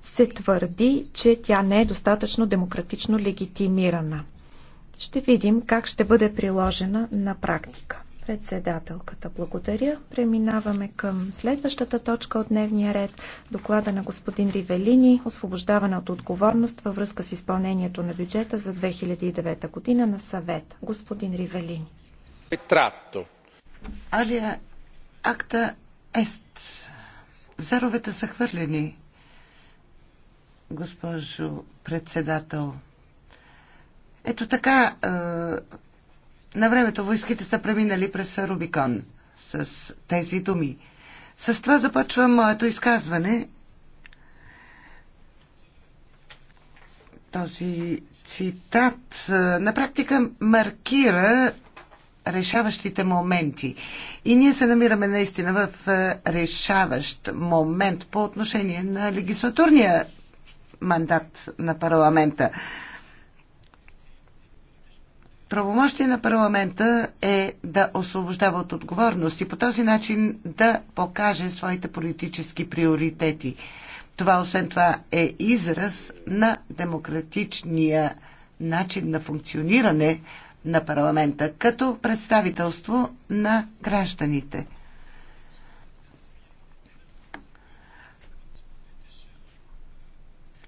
се твърди, че тя не е достатъчно демократично легитимирана. Ще видим как ще бъде приложена на практика. Председателката благодаря. Преминаваме към следващата точка от дневния ред. Доклада на господин Ривелини, освобождаване от отговорност във връзка с изпълнението на бюджета за 2009 година на съвет. Господин Ривелини. Петрато. Алия акта ест Заровете са хвърлени. Госпожо председател, ето така, е, на времето войските са преминали през Рубикон с тези думи. С това започвам моето изказване. Този цитат е, на практика маркира решаващите моменти. И ние се намираме наистина в е, решаващ момент по отношение на легислатурния мандат на парламента. Правомощие на парламента е да освобождава от отговорност и по този начин да покаже своите политически приоритети. Това освен това е израз на демократичния начин на функциониране на парламента като представителство на гражданите.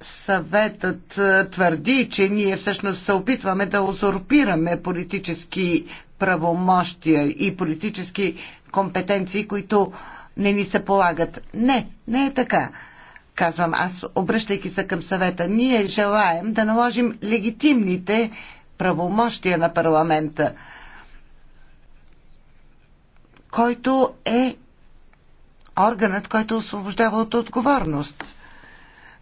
Съветът е, твърди, че ние всъщност се опитваме да узурпираме политически правомощия и политически компетенции, които не ни се полагат. Не, не е така. Казвам аз, обръщайки се към съвета, ние желаем да наложим легитимните правомощия на парламента, който е органът, който освобождава от отговорност.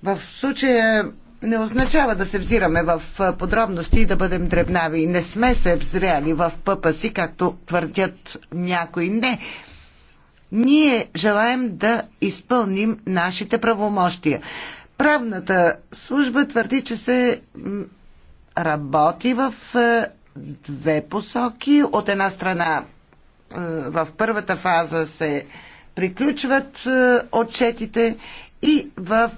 В случая не означава да се взираме в подробности и да бъдем дребнави. Не сме се взряли в пъпа си, както твърдят някои. Не. Ние желаем да изпълним нашите правомощия. Правната служба твърди, че се работи в е, две посоки. От една страна е, в първата фаза се приключват е, отчетите и в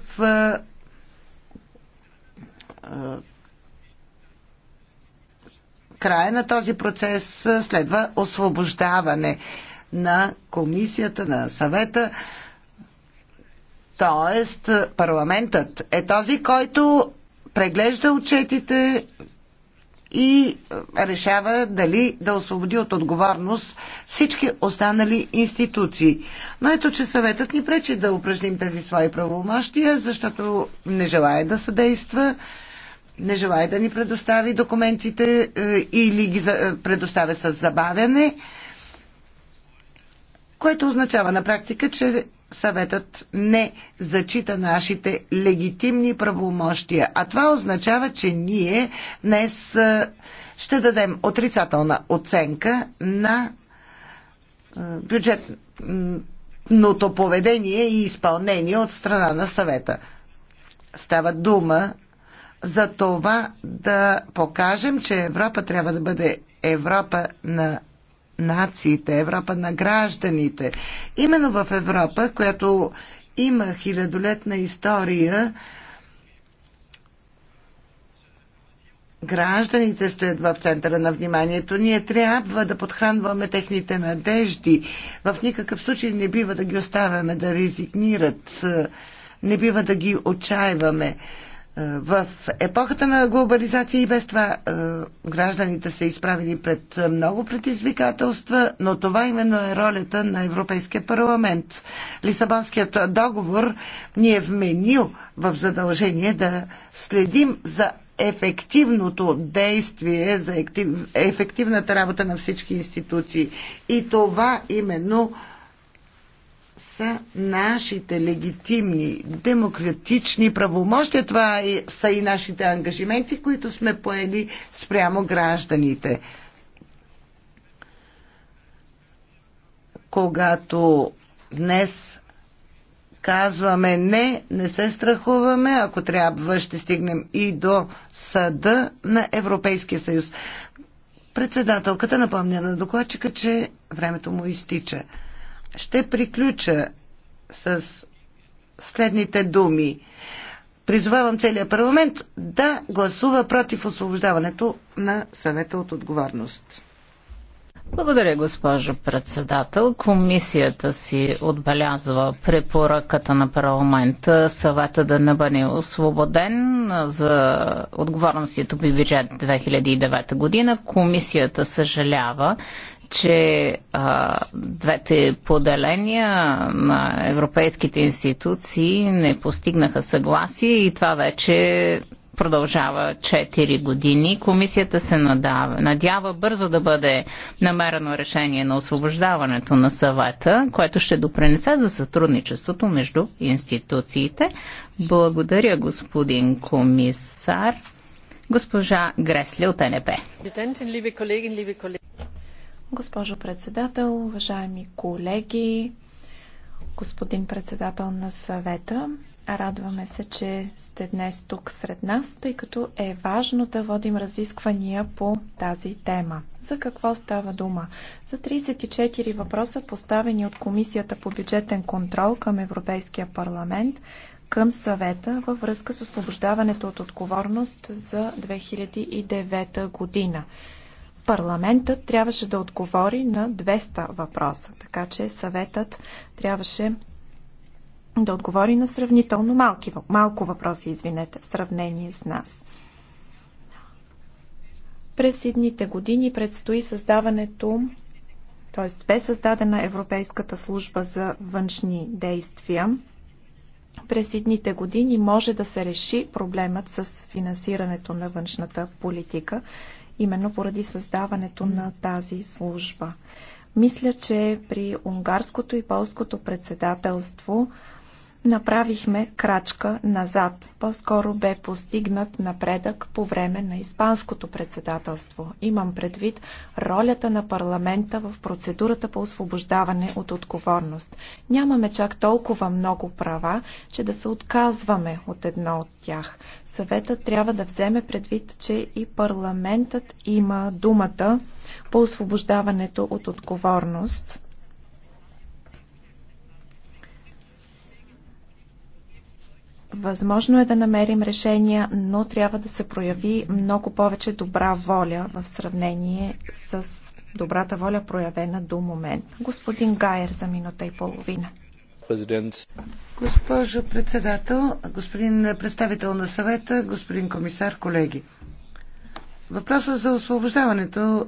края на този процес следва освобождаване на комисията, на съвета. Тоест, парламентът е този, който преглежда отчетите и решава дали да освободи от отговорност всички останали институции. Но ето, че съветът ни пречи да упражним тези свои правомощия, защото не желая да съдейства, не желая да ни предостави документите е, или ги е, предоставя с забавяне, което означава на практика, че съветът не зачита нашите легитимни правомощия. А това означава, че ние днес ще дадем отрицателна оценка на бюджетното поведение и изпълнение от страна на съвета. Става дума за това да покажем, че Европа трябва да бъде Европа на нациите, Европа на гражданите. Именно в Европа, която има хилядолетна история, гражданите стоят в центъра на вниманието. Ние трябва да подхранваме техните надежди. В никакъв случай не бива да ги оставяме да резигнират. Не бива да ги отчаиваме. Е, в епохата на глобализация и без това е, гражданите са изправени пред много предизвикателства, но това именно е ролята на Европейския парламент. Лисабонският договор ни е вменил в задължение да следим за ефективното действие, за ефективната работа на всички институции. И това именно са нашите легитимни, демократични правомощия. Това са и нашите ангажименти, които сме поели спрямо гражданите. Когато днес казваме не, не се страхуваме, ако трябва ще стигнем и до съда на Европейския съюз. Председателката напомня на докладчика, че времето му изтича ще приключа с следните думи. Призовавам целия парламент да гласува против освобождаването на съвета от отговорност. Благодаря, госпожо председател. Комисията си отбелязва препоръката на парламента съвета да не бъде освободен за отговорностите по бюджет 2009 година. Комисията съжалява, че а, двете поделения на европейските институции не постигнаха съгласие и това вече продължава 4 години. Комисията се надава, надява бързо да бъде намерено решение на освобождаването на съвета, което ще допренесе за сътрудничеството между институциите. Благодаря, господин комисар. Госпожа Гресли от НП. Госпожо председател, уважаеми колеги, господин председател на съвета, Радваме се, че сте днес тук сред нас, тъй като е важно да водим разисквания по тази тема. За какво става дума? За 34 въпроса, поставени от Комисията по бюджетен контрол към Европейския парламент, към съвета във връзка с освобождаването от отговорност за 2009 година. Парламентът трябваше да отговори на 200 въпроса, така че съветът трябваше да отговори на сравнително малки, малко въпроси, извинете, в сравнение с нас. През едните години предстои създаването, т.е. бе създадена Европейската служба за външни действия. През едните години може да се реши проблемът с финансирането на външната политика, именно поради създаването на тази служба. Мисля, че при унгарското и полското председателство направихме крачка назад. По-скоро бе постигнат напредък по време на Испанското председателство. Имам предвид ролята на парламента в процедурата по освобождаване от отговорност. Нямаме чак толкова много права, че да се отказваме от едно от тях. Съветът трябва да вземе предвид, че и парламентът има думата по освобождаването от отговорност Възможно е да намерим решения, но трябва да се прояви много повече добра воля в сравнение с добрата воля, проявена до момент. Господин Гайер за минута и половина. Президент. Госпожо председател, господин представител на съвета, господин комисар, колеги. Въпросът за освобождаването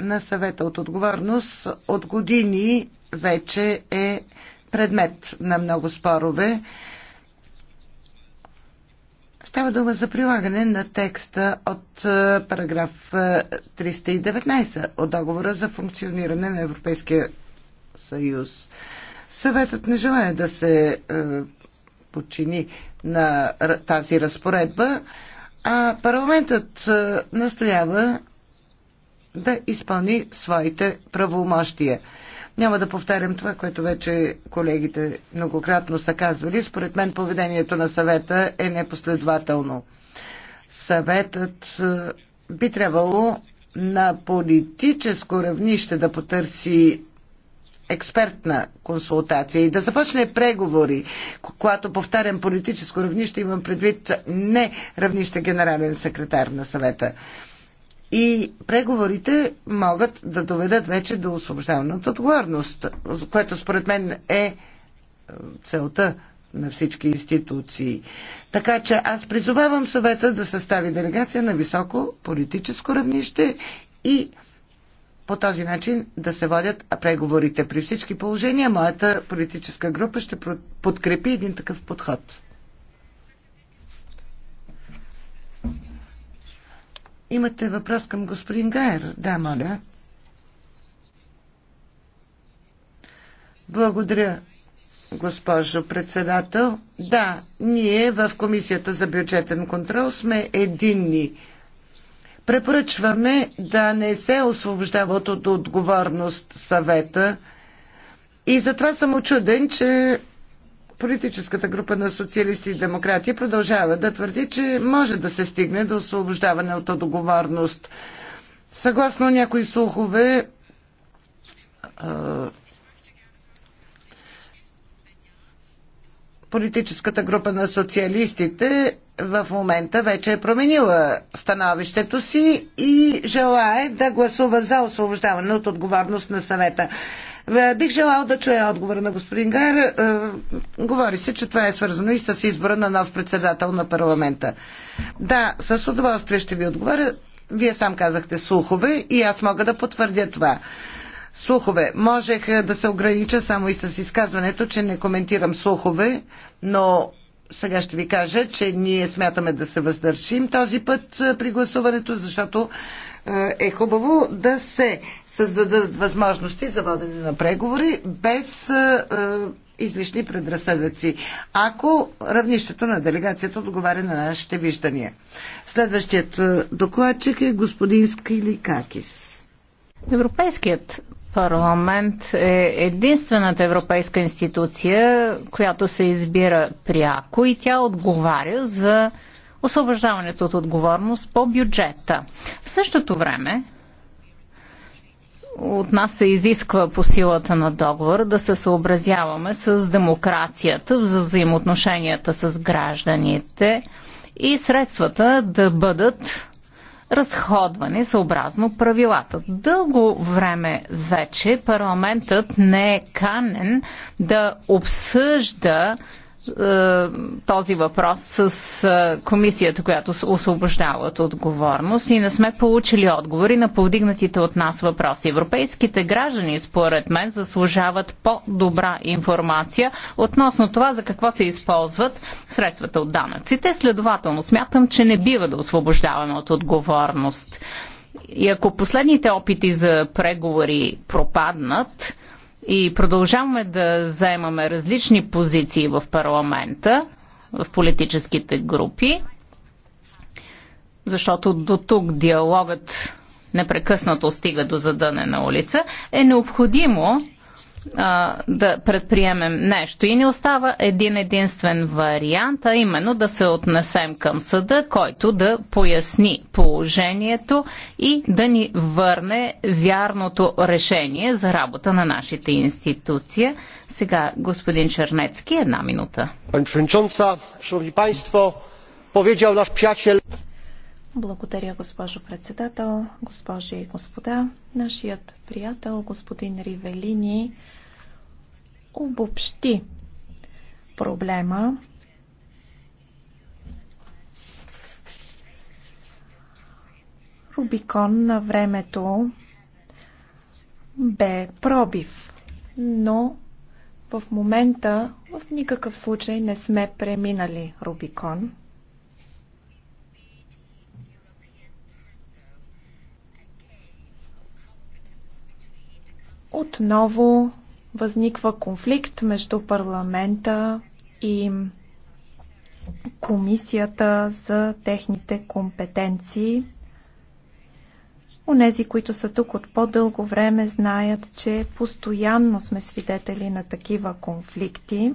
на съвета от отговорност от години вече е предмет на много спорове. Става дума за прилагане на текста от е, параграф 319 е, от договора за функциониране на Европейския съюз. Съветът не желая да се е, подчини на тази разпоредба, а парламентът настоява да изпълни своите правомощия. Няма да повтарям това, което вече колегите многократно са казвали. Според мен поведението на съвета е непоследователно. Съветът е, би трябвало на политическо равнище да потърси експертна консултация и да започне преговори, когато повтарям политическо равнище, имам предвид не равнище генерален секретар на съвета. И преговорите могат да доведат вече до освобождаване от отговорност, което според мен е, е целта на всички институции. Така че аз призовавам съвета да състави делегация на високо политическо равнище и по този начин да се водят преговорите. При всички положения моята политическа група ще подкрепи един такъв подход. Имате въпрос към господин Гайер? Да, моля. Благодаря, госпожо председател. Да, ние в Комисията за бюджетен контрол сме единни. Препоръчваме да не се освобождава от отговорност съвета и затова съм очуден, че Политическата група на социалисти и демократи продължава да твърди, че може да се стигне до освобождаване от отговорност. Съгласно някои слухове, политическата група на социалистите в момента вече е променила становището си и желае да гласува за освобождаване от отговорност на съвета. Е, бих желал да чуя отговора на господин Гайер. Е, говори се, че това е свързано и с избора на нов председател на парламента. Да, с удоволствие ще ви отговоря. Вие сам казахте слухове и аз мога да потвърдя това. Слухове. Можех е, да се огранича само и с изказването, че не коментирам слухове, но сега ще ви кажа, че ние смятаме да се въздържим този път при гласуването, защото е хубаво да се създадат възможности за водене на преговори без е, е, излишни предразсъдъци, ако равнището на делегацията отговаря на нашите виждания. Следващият е, докладчик е господин Скиликакис. Европейският парламент е единствената европейска институция, която се избира пряко и тя отговаря за освобождаването от отговорност по бюджета. В същото време от нас се изисква по силата на договор да се съобразяваме с демокрацията, за взаимоотношенията с гражданите и средствата да бъдат разходвани съобразно правилата. Дълго време вече парламентът не е канен да обсъжда е, този въпрос с е, комисията, която се освобождава от отговорност и не сме получили отговори на повдигнатите от нас въпроси. Европейските граждани, според мен, заслужават по-добра информация относно това за какво се използват средствата от данъците. Следователно, смятам, че не бива да освобождаваме от отговорност. И ако последните опити за преговори пропаднат, и продължаваме да заемаме различни позиции в парламента, в политическите групи, защото до тук диалогът непрекъснато стига до задънена улица, е необходимо а, да предприемем нещо. И ни остава един единствен вариант, а именно да се отнесем към съда, който да поясни положението и да ни върне вярното решение за работа на нашите институции. Сега господин Чернецки, една минута. Пани благодаря, госпожо председател, госпожи и господа. Нашият приятел, господин Ривелини, обобщи проблема. Рубикон на времето бе пробив, но в момента в никакъв случай не сме преминали Рубикон. отново възниква конфликт между парламента и комисията за техните компетенции. Онези, които са тук от по-дълго време, знаят, че постоянно сме свидетели на такива конфликти.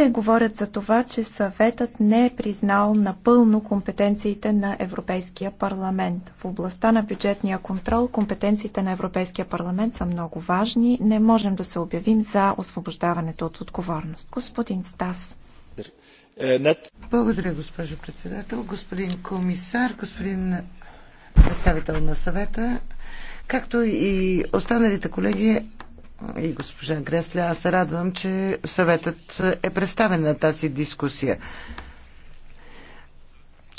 Те говорят за това, че съветът не е признал напълно компетенциите на Европейския парламент. В областта на бюджетния контрол компетенциите на Европейския парламент са много важни. Не можем да се обявим за освобождаването от отговорност. Господин Стас. Благодаря, госпожо председател, господин комисар, господин представител на съвета. Както и останалите колеги, и госпожа Гресле, аз се радвам, че съветът е представен на тази дискусия.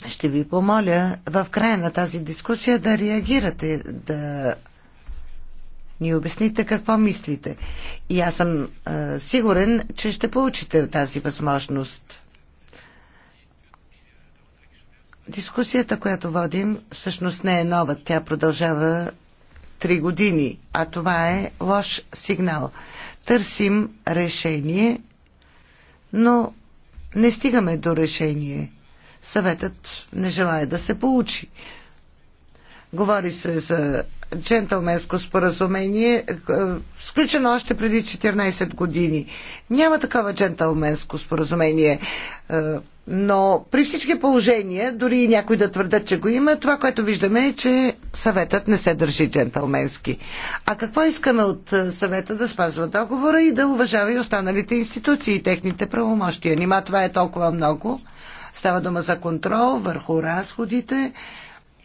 Ще ви помоля в края на тази дискусия да реагирате, да ни обясните какво мислите. И аз съм е, сигурен, че ще получите тази възможност. Дискусията, която водим, всъщност не е нова. Тя продължава три години, а това е лош сигнал. Търсим решение, но не стигаме до решение. Съветът не желая да се получи. Говори се за джентълменско споразумение, е, сключено още преди 14 години. Няма такова джентълменско споразумение. Е, но при всички положения, дори и някой да твърдят, че го има, това, което виждаме е, че съветът не се държи джентълменски. А какво искаме от е, съвета да спазва договора и да уважава и останалите институции и техните правомощия? Нима това е толкова много? Става дума за контрол върху разходите,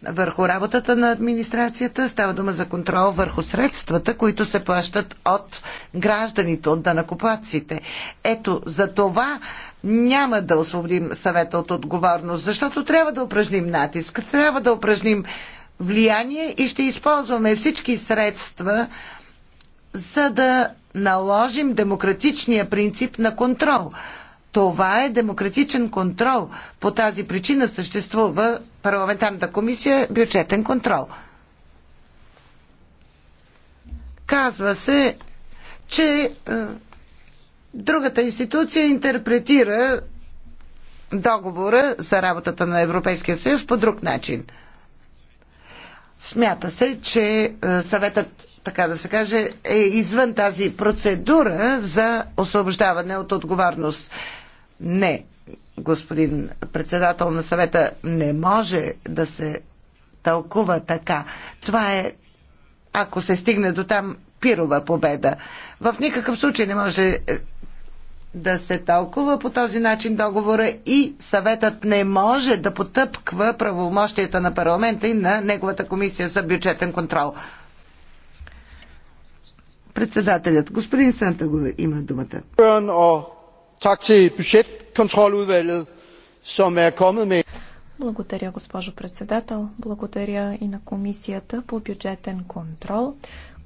върху работата на администрацията, става дума за контрол върху средствата, които се плащат от гражданите, от данакоплаците. Ето, за това няма да освободим съвета от отговорност, защото трябва да упражним натиск, трябва да упражним влияние и ще използваме всички средства, за да наложим демократичния принцип на контрол. Това е демократичен контрол. По тази причина съществува парламентарната комисия бюджетен контрол. Казва се, че е, другата институция интерпретира договора за работата на Европейския съюз по друг начин. Смята се, че е, съветът, така да се каже, е извън тази процедура за освобождаване от отговорност. Не господин председател на съвета, не може да се тълкува така. Това е, ако се стигне до там, пирова победа. В никакъв случай не може е, да се тълкува по този начин договора и съветът не може да потъпква правомощията на парламента и на неговата комисия за бюджетен контрол. Председателят, господин Сантаго, има думата tak til budgetkontroludvalget, som er kommet med благодаря, госпожо председател. Благодаря и на комисията по бюджетен контрол,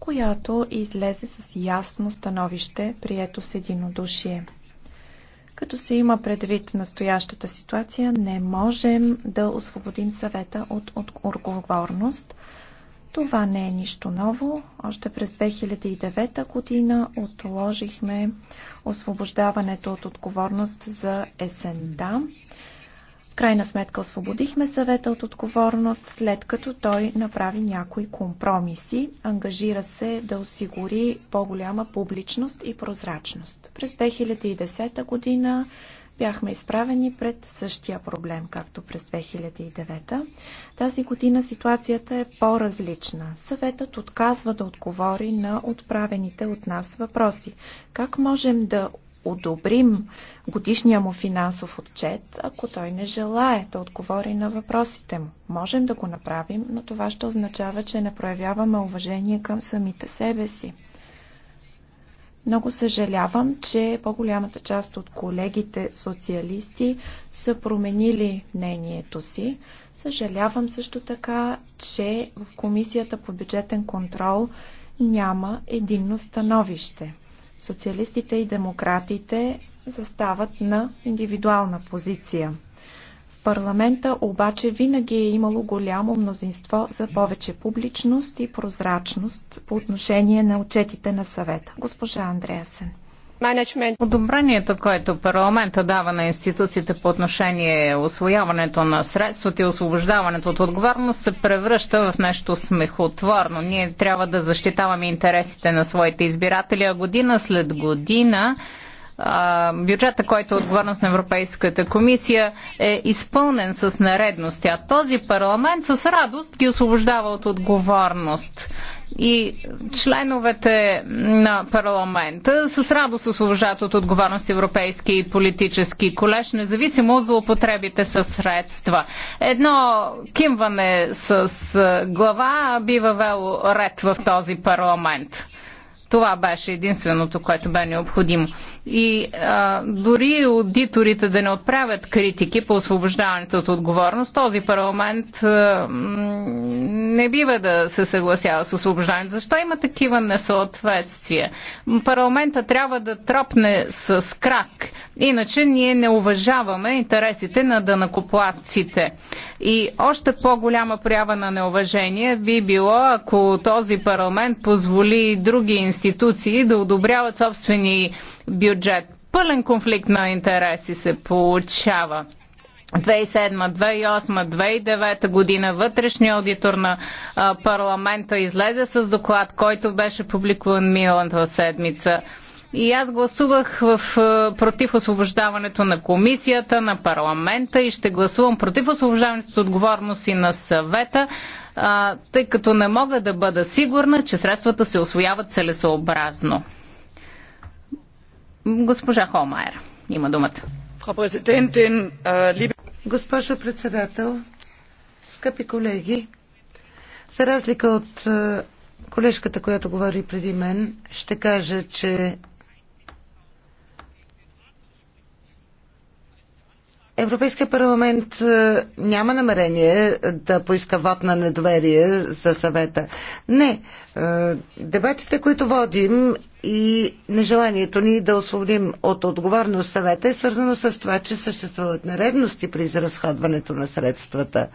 която излезе с ясно становище, прието с единодушие. Като се има предвид настоящата ситуация, не можем да освободим съвета от отговорност. Това не е нищо ново. Още през 2009 година отложихме освобождаването от отговорност за есента. В крайна сметка освободихме съвета от отговорност, след като той направи някои компромиси. Ангажира се да осигури по-голяма публичност и прозрачност. През 2010 година бяхме изправени пред същия проблем, както през 2009. Тази година ситуацията е по-различна. Съветът отказва да отговори на отправените от нас въпроси. Как можем да одобрим годишния му финансов отчет, ако той не желае да отговори на въпросите му. Можем да го направим, но това ще означава, че не проявяваме уважение към самите себе си. Много съжалявам, че по-голямата част от колегите социалисти са променили мнението си. Съжалявам също така, че в Комисията по бюджетен контрол няма единно становище. Социалистите и демократите застават на индивидуална позиция парламента обаче винаги е имало голямо мнозинство за повече публичност и прозрачност по отношение на отчетите на съвета. Госпожа Андреасен. Одобрението, което парламента дава на институциите по отношение освояването на средствата и освобождаването от отговорност се превръща в нещо смехотворно. Ние трябва да защитаваме интересите на своите избиратели, а година след година бюджета, който е отговорност на Европейската комисия, е изпълнен с наредности, а този парламент с радост ги освобождава от отговорност и членовете на парламента с радост освобождават от отговорност европейски и политически колеж, независимо от злоупотребите с средства. Едно кимване с глава би въвело ред в този парламент. Това беше единственото, което бе необходимо и а, дори аудиторите да не отправят критики по освобождаването от отговорност, този парламент а, не бива да се съгласява с освобождаването. Защо има такива несъответствия? Парламента трябва да тропне с крак, иначе ние не уважаваме интересите на дънакоплатците. И още по-голяма проява на неуважение би било, ако този парламент позволи други институции да одобряват собствени бюджети бюджет. Пълен конфликт на интереси се получава. 2007, 2008, 2009 година вътрешния аудитор на а, парламента излезе с доклад, който беше публикуван миналата седмица. И аз гласувах в, против освобождаването на комисията, на парламента и ще гласувам против освобождаването от отговорност и на съвета, а, тъй като не мога да бъда сигурна, че средствата се освояват целесообразно. Госпожа Холмайер има думата. Госпожо председател, скъпи колеги, за разлика от колежката, която говори преди мен, ще кажа, че Европейския парламент е, няма намерение да поиска вод на недоверие за съвета. Не. Е, дебатите, които водим и нежеланието ни да освободим от отговорност съвета е свързано с това, че съществуват нередности при изразходването на средствата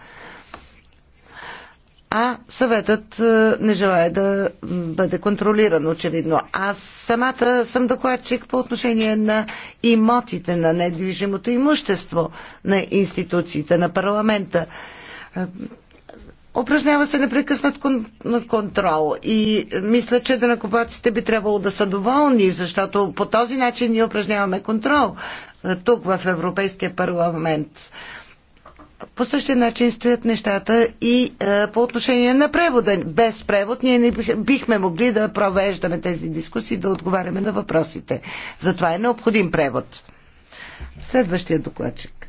а съветът е, не желая да бъде контролиран, очевидно. Аз самата съм докладчик по отношение на имотите, на недвижимото имущество на институциите, на парламента. Е, упражнява се непрекъснат кон, контрол и мисля, че данакопаците би трябвало да са доволни, защото по този начин ние упражняваме контрол е, тук в Европейския парламент по същия начин стоят нещата и е, по отношение на превода. Без превод ние не бих, бихме могли да провеждаме тези дискусии, да отговаряме на въпросите. Затова е необходим превод. Следващия докладчик.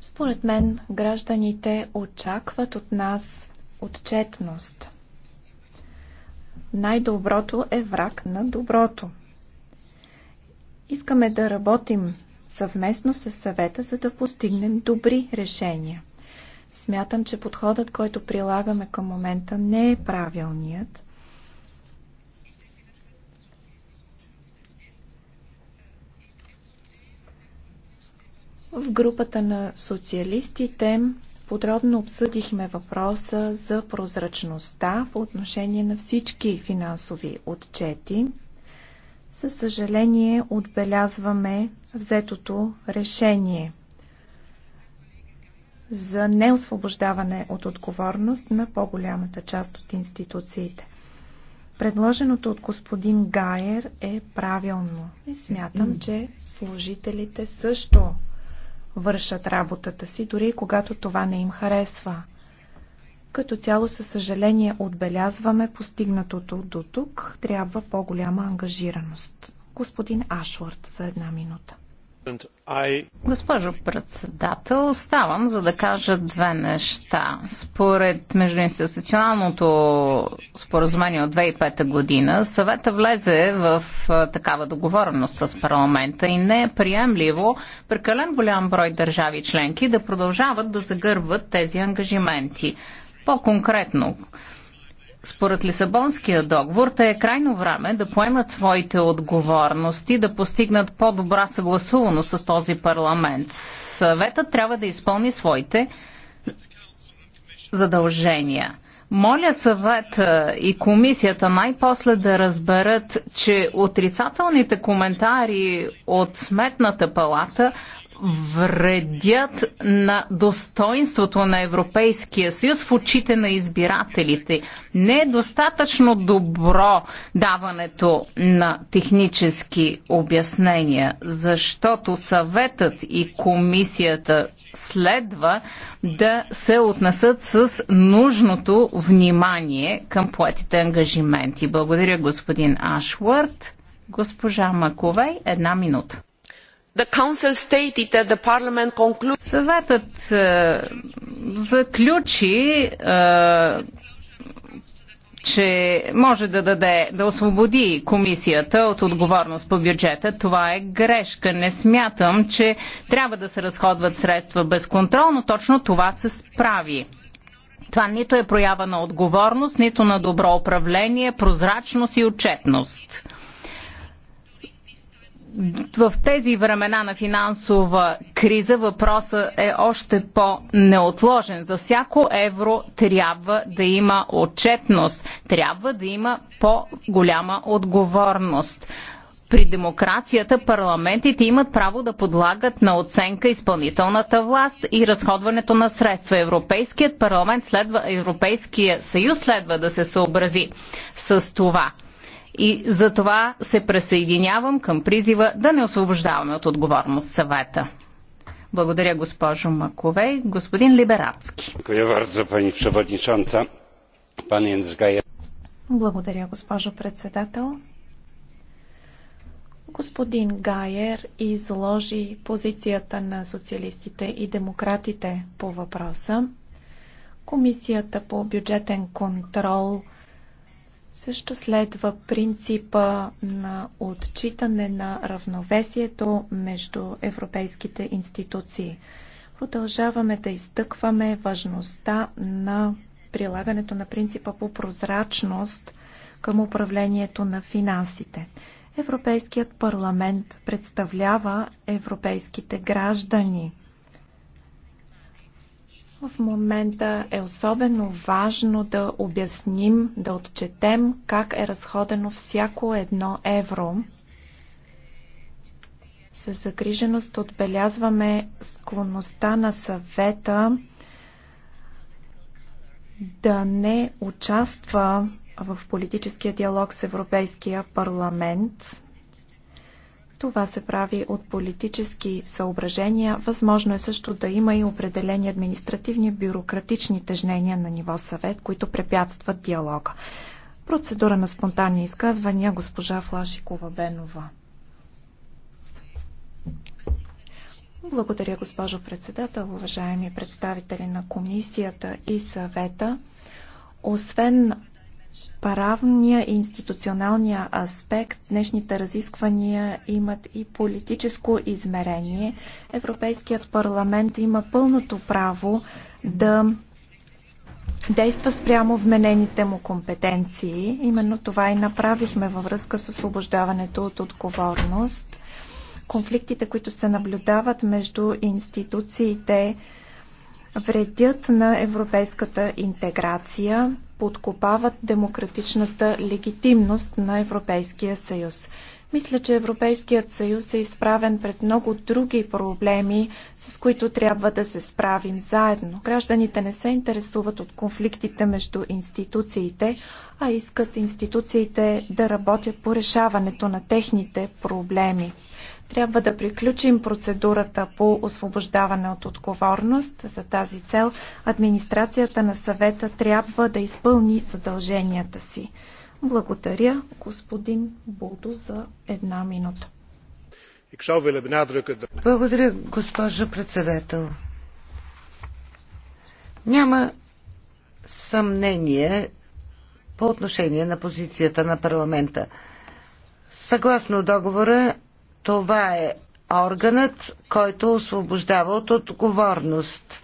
Според мен гражданите очакват от нас отчетност. Най-доброто е враг на доброто. Искаме да работим съвместно с съвета, за да постигнем добри решения. Смятам, че подходът, който прилагаме към момента, не е правилният. В групата на социалистите подробно обсъдихме въпроса за прозрачността по отношение на всички финансови отчети. Със съжаление отбелязваме взетото решение за неосвобождаване от отговорност на по-голямата част от институциите. Предложеното от господин Гайер е правилно и смятам, че служителите също вършат работата си, дори когато това не им харесва. Като цяло със съжаление отбелязваме постигнатото до тук. Трябва по-голяма ангажираност. Господин Ашвард за една минута. Госпожо председател, ставам за да кажа две неща. Според междуинституционалното споразумение от 2005 година, съвета влезе в такава договореност с парламента и не е приемливо прекален голям брой държави членки да продължават да загърват тези ангажименти. По-конкретно, според Лисабонския договор, те е крайно време да поемат своите отговорности, да постигнат по-добра съгласуваност с този парламент. Съветът трябва да изпълни своите задължения. Моля съвета и комисията най-после да разберат, че отрицателните коментари от Сметната палата – вредят на достоинството на Европейския съюз в очите на избирателите. Не е достатъчно добро даването на технически обяснения, защото съветът и комисията следва да се отнесат с нужното внимание към поетите ангажименти. Благодаря господин Ашвард. Госпожа Маковей, една минута. Съветът е, заключи, е, че може да даде, да освободи комисията от отговорност по бюджета. Това е грешка. Не смятам, че трябва да се разходват средства безконтролно. Точно това се справи. Това нито е проява на отговорност, нито на добро управление, прозрачност и отчетност в тези времена на финансова криза въпросът е още по-неотложен. За всяко евро трябва да има отчетност, трябва да има по-голяма отговорност. При демокрацията парламентите имат право да подлагат на оценка изпълнителната власт и разходването на средства. Европейският парламент следва, Европейския съюз следва да се съобрази с това. И за това се присъединявам към призива да не освобождаваме от отговорност съвета. Благодаря, госпожо Маковей. Господин Либерацки. Благодаря, госпожо председател. Господин Гайер изложи позицията на социалистите и демократите по въпроса. Комисията по бюджетен контрол – също следва принципа на отчитане на равновесието между европейските институции. Продължаваме да изтъкваме важността на прилагането на принципа по прозрачност към управлението на финансите. Европейският парламент представлява европейските граждани – в момента е особено важно да обясним, да отчетем как е разходено всяко едно евро. С загриженост отбелязваме склонността на съвета да не участва в политическия диалог с Европейския парламент. Това се прави от политически съображения. Възможно е също да има и определени административни бюрократични тежнения на ниво съвет, които препятстват диалога. Процедура на спонтанни изказвания госпожа Флашикова Бенова. Благодаря, госпожо председател, уважаеми представители на комисията и съвета. Освен правния и институционалния аспект днешните разисквания имат и политическо измерение. Европейският парламент има пълното право да действа спрямо вменените му компетенции. Именно това и направихме във връзка с освобождаването от отговорност. Конфликтите, които се наблюдават между институциите, вредят на европейската интеграция подкопават демократичната легитимност на Европейския съюз. Мисля, че Европейският съюз е изправен пред много други проблеми, с които трябва да се справим заедно. Гражданите не се интересуват от конфликтите между институциите, а искат институциите да работят по решаването на техните проблеми. Трябва да приключим процедурата по освобождаване от отговорност. За тази цел администрацията на съвета трябва да изпълни задълженията си. Благодаря, господин Будо, за една минута. Благодаря, госпожо председател. Няма съмнение по отношение на позицията на парламента. Съгласно договора, това е органът, който освобождава от отговорност.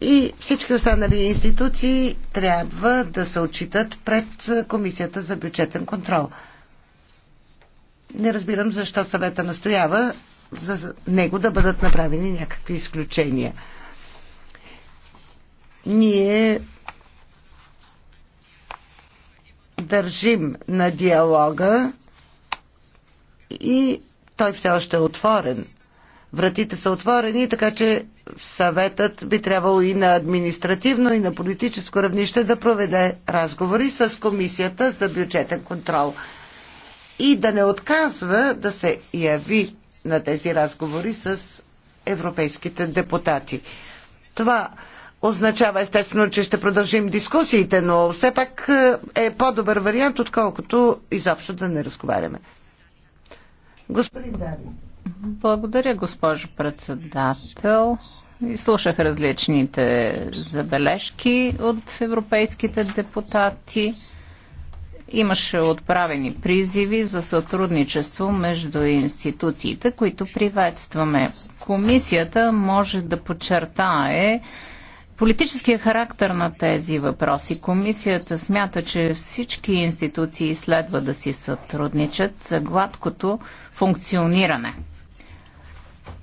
И всички останали институции трябва да се отчитат пред Комисията за бюджетен контрол. Не разбирам защо съвета настоява за него да бъдат направени някакви изключения. Ние държим на диалога и той все още е отворен. Вратите са отворени, така че съветът би трябвало и на административно, и на политическо равнище да проведе разговори с Комисията за бюджетен контрол. И да не отказва да се яви на тези разговори с европейските депутати. Това означава естествено, че ще продължим дискусиите, но все пак е по-добър вариант, отколкото изобщо да не разговаряме. Господин Дарин. Благодаря, госпожо председател. Изслушах различните забележки от европейските депутати. Имаше отправени призиви за сътрудничество между институциите, които приветстваме. Комисията може да подчертае, политическия характер на тези въпроси. Комисията смята, че всички институции следва да си сътрудничат за гладкото функциониране.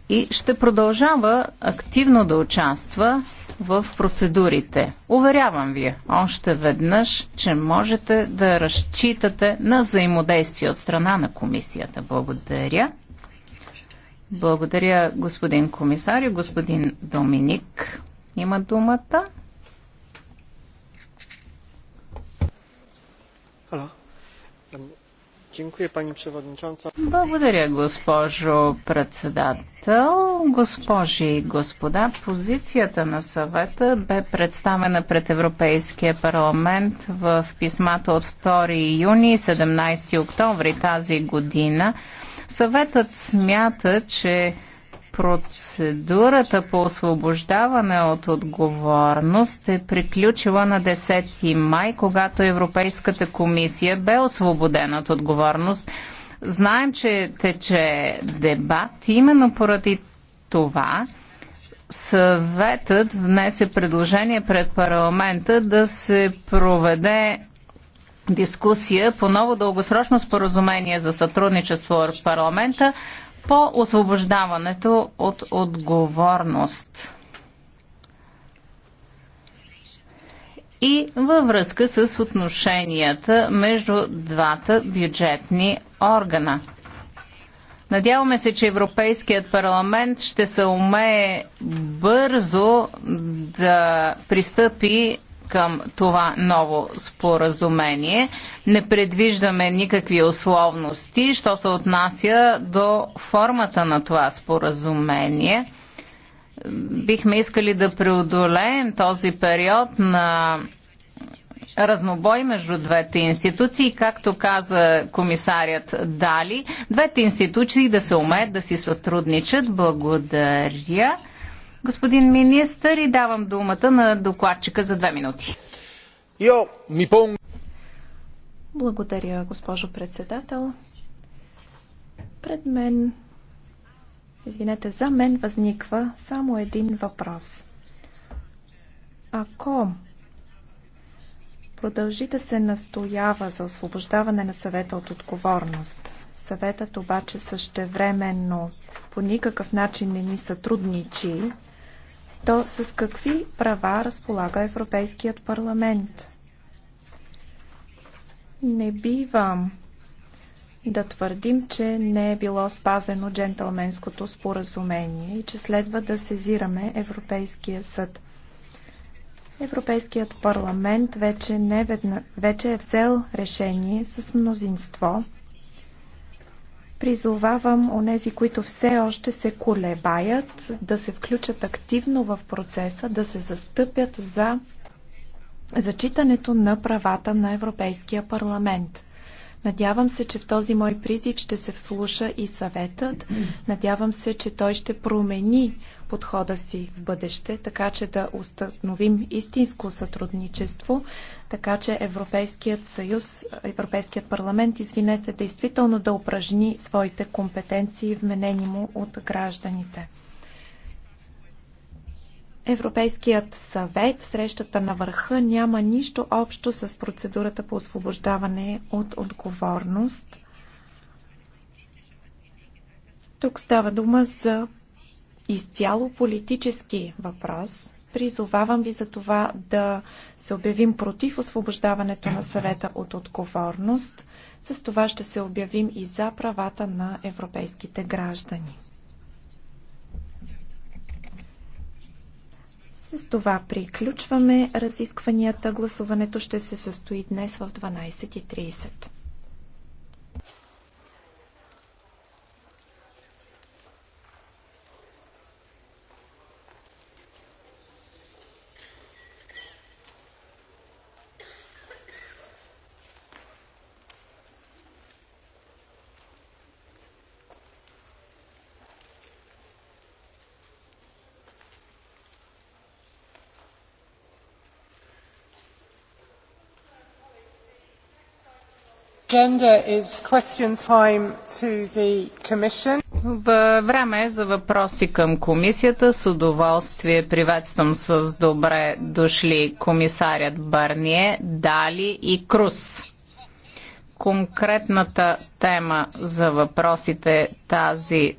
И ще продължава активно да участва в процедурите. Уверявам ви още веднъж, че можете да разчитате на взаимодействие от страна на комисията. Благодаря. Благодаря, господин комисар и господин Доминик има думата. Благодаря, госпожо председател. Госпожи и господа, позицията на съвета бе представена пред Европейския парламент в писмата от 2 юни и 17 октомври тази година. Съветът смята, че Процедурата по освобождаване от отговорност е приключила на 10 май, когато Европейската комисия бе освободена от отговорност. Знаем, че тече дебат. Именно поради това съветът внесе предложение пред парламента да се проведе дискусия по ново дългосрочно споразумение за сътрудничество в парламента по освобождаването от отговорност. и във връзка с отношенията между двата бюджетни органа. Надяваме се, че Европейският парламент ще се умее бързо да пристъпи към това ново споразумение. Не предвиждаме никакви условности, що се отнася до формата на това споразумение. Бихме искали да преодолеем този период на разнобой между двете институции, както каза комисарят Дали, двете институции да се умеят да си сътрудничат. Благодаря господин министър, и давам думата на докладчика за две минути. Йо, ми Благодаря, госпожо председател. Пред мен, извинете, за мен възниква само един въпрос. Ако продължи да се настоява за освобождаване на съвета от отговорност, съветът обаче същевременно по никакъв начин не ни сътрудничи то с какви права разполага Европейският парламент? Не бивам да твърдим, че не е било спазено джентълменското споразумение и че следва да сезираме Европейския съд. Европейският парламент вече, не ведна, вече е взел решение с мнозинство Призовавам онези, които все още се колебаят, да се включат активно в процеса, да се застъпят за зачитането на правата на Европейския парламент. Надявам се, че в този мой призив ще се вслуша и съветът. Надявам се, че той ще промени подхода си в бъдеще, така че да установим истинско сътрудничество, така че Европейският съюз, Европейският парламент, извинете, действително да упражни своите компетенции, вменени му от гражданите. Европейският съвет, срещата на върха, няма нищо общо с процедурата по освобождаване от отговорност. Тук става дума за изцяло политически въпрос. Призовавам ви за това да се обявим против освобождаването на съвета от отговорност. С това ще се обявим и за правата на европейските граждани. С това приключваме разискванията. Гласуването ще се състои днес в 12.30. Време е за въпроси към комисията. С удоволствие приветствам с добре дошли комисарят Барние, Дали и Крус. Конкретната тема за въпросите тази